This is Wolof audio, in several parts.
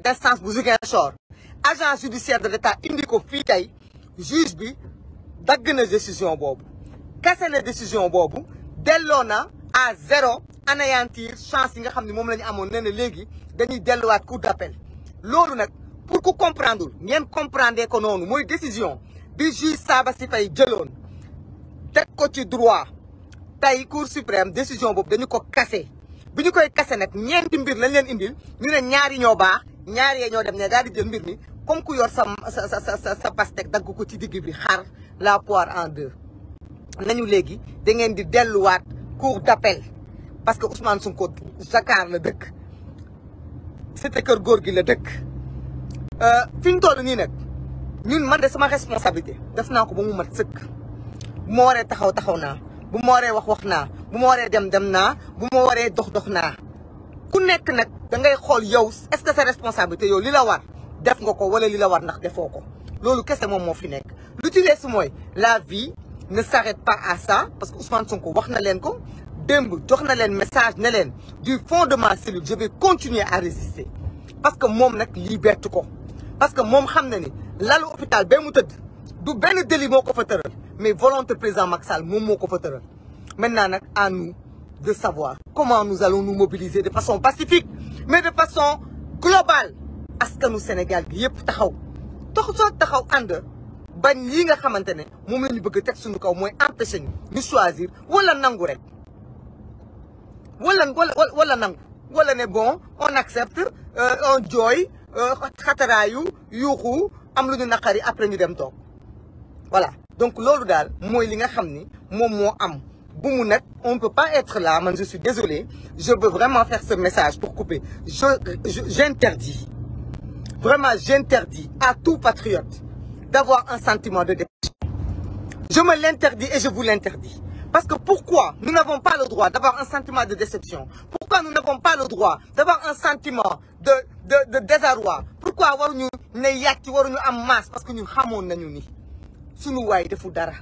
d'instance bu Ziguinchor agent judiciaire de l'État indi ko fii tey juge bi dagg na décision boobu kese na décision boobu delloo na à zéro anéantir chance yi nga xam ne moom la ñu amoon nee na léegi dañuy delluwaat cour d'appel loolu nag pour ku comprendre ngeen comprendre ko noonu mooy décision bi juge Sabassy Faye jëloon teg ko ci droit tey cour suprême décision boobu dañu ko kase bi ñu koy kase nag ñeenti mbir lañ leen indil ñu ne ñaari ñoo baax ñaar yee ñoo dem ne daal di jël mbir mi comme ku yor sa sa sa sa dagg ko ci digg bi xaar la poire en deux. nañu léegi da ngeen di delluwaat cour d'appel parce que sun Sonko Dakar la dëkk te kër góor gi la dëkk. Euh, fi ñu toll nii nekk ñun man de sama responsabilité def naa ko ba mu mat sëkk bu ma waree taxaw taxaw naa bu ma waree wax wax naa bu ma waree dem dem naa bu ma waree dox dox naa. ku nekk nag da ngay xool yow est-ce que sa responsabilité yow li la war def nga ko wala li la war ndax defoo ko loolu kese moom moo fi nekk. lu ci des mooy la vie ne s'arrête pas à ça parce que Ousmane Sonko wax na leen ko démb jox na leen message ne leen du fond de ma cellule je vais continuer à résister parce que moom nag lii bett ko parce que moom xam na ni lalu hôpital ba mu tëdd du benn délit moo ko fa tëral mais volonté président Macky moom moo ko fa tëral maintenant nag à de savoir comment nous allons nous mobiliser de façon pacifique mais de façon globale askanu Sénégal bi yëpp taxaw taxaw soo taxaw ànd bañ lii nga xamante ne moom la ñu bëgg a teg suñu kaw mooy empêcher ñu ñu choisir wala nangu rek wala wala wala nangu wala ne bon on accepte euh, on jooy euh, xataraayu yuuxu am lu ñu naqari après ñu dem toog voilà donc loolu daal mooy li nga xam ni moom moo am bu mu nekk on ne peut pas être là man je suis désolé je veux vraiment faire ce message pour couper je j'interdis vraiment j'interdis à tout patriote d'avoir un sentiment de déception je me l'interdis et je vous l'interdis parce que pourquoi nous n'avons pas le droit d'avoir un sentiment de déception pourquoi nous n'avons pas le droit d'avoir un sentiment de de de désarroi pourquoi waruñu ne yàcc waruñu am masse parce que ñun xamoon nañu ni suñu waay defu dara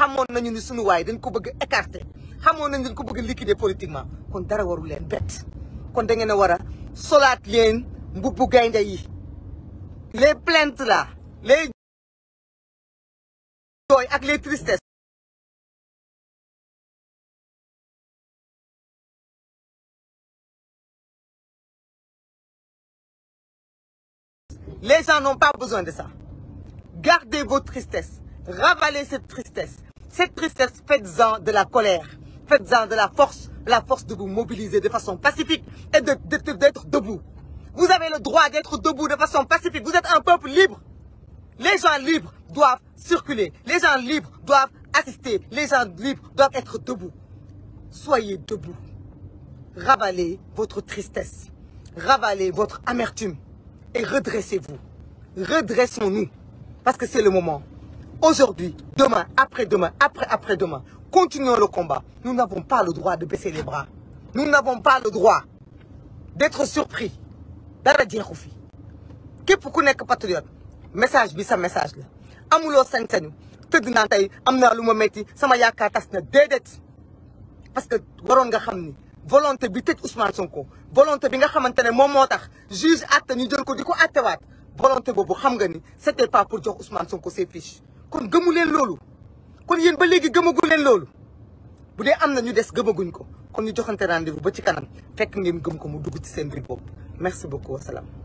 na ñu ni sunu waay dañ ko bëgg a écarter xamoon nañu dañ ko bëgg a liquider politiquement kon dara waru leen bett kon da ngeen war a solaat leen mbubbu gaynde yi les plaintes la le jooy ak les tristesses les gens n'ont pas besoin de ça gardez vos tristesses ravalez cette tristesse Cette tristesse, faites-en de la colère, faites-en de la force, la force de vous mobiliser de façon pacifique et d'être de, de, de, debout. Vous avez le droit d'être debout de façon pacifique. Vous êtes un peuple libre. Les gens libres doivent circuler. Les gens libres doivent assister. Les gens libres doivent être debout. Soyez debout. Ravalez votre tristesse. Ravalez votre amertume. Et redressez-vous. Redressons-nous. Parce que c'est le moment. Aujourd'hui, demain, après-demain, après-après-demain, continuons le combat. Nous n'avons pas le droit de baisser les bras. Nous n'avons pas le droit d'être surpris. dara jeexu fi képp ku nekk patriote message bi sa message la amuloo sañ-sañu tëdd naa tey am naa lu ma métti sama yaakaar tas na déedéet parce que waroon nga xam ni volonté bi tëj Ousmane Sonko volonté bi nga xamante ne moom moo tax juge àtte ñu jël ko di ko àttewaat volonté boobu xam nga ni c'était pas pour jox Ousmane Sonko ses fiches kon gëmu leen loolu kon yéen ba léegi gëmagu leen loolu bu dee am na ñu des gëmaguñ ko kon ñu joxante rendez-vous ba ci kanam fekk ngeen gëm ko mu dugg ci seen biir bopp merci beaucoup wasalaam.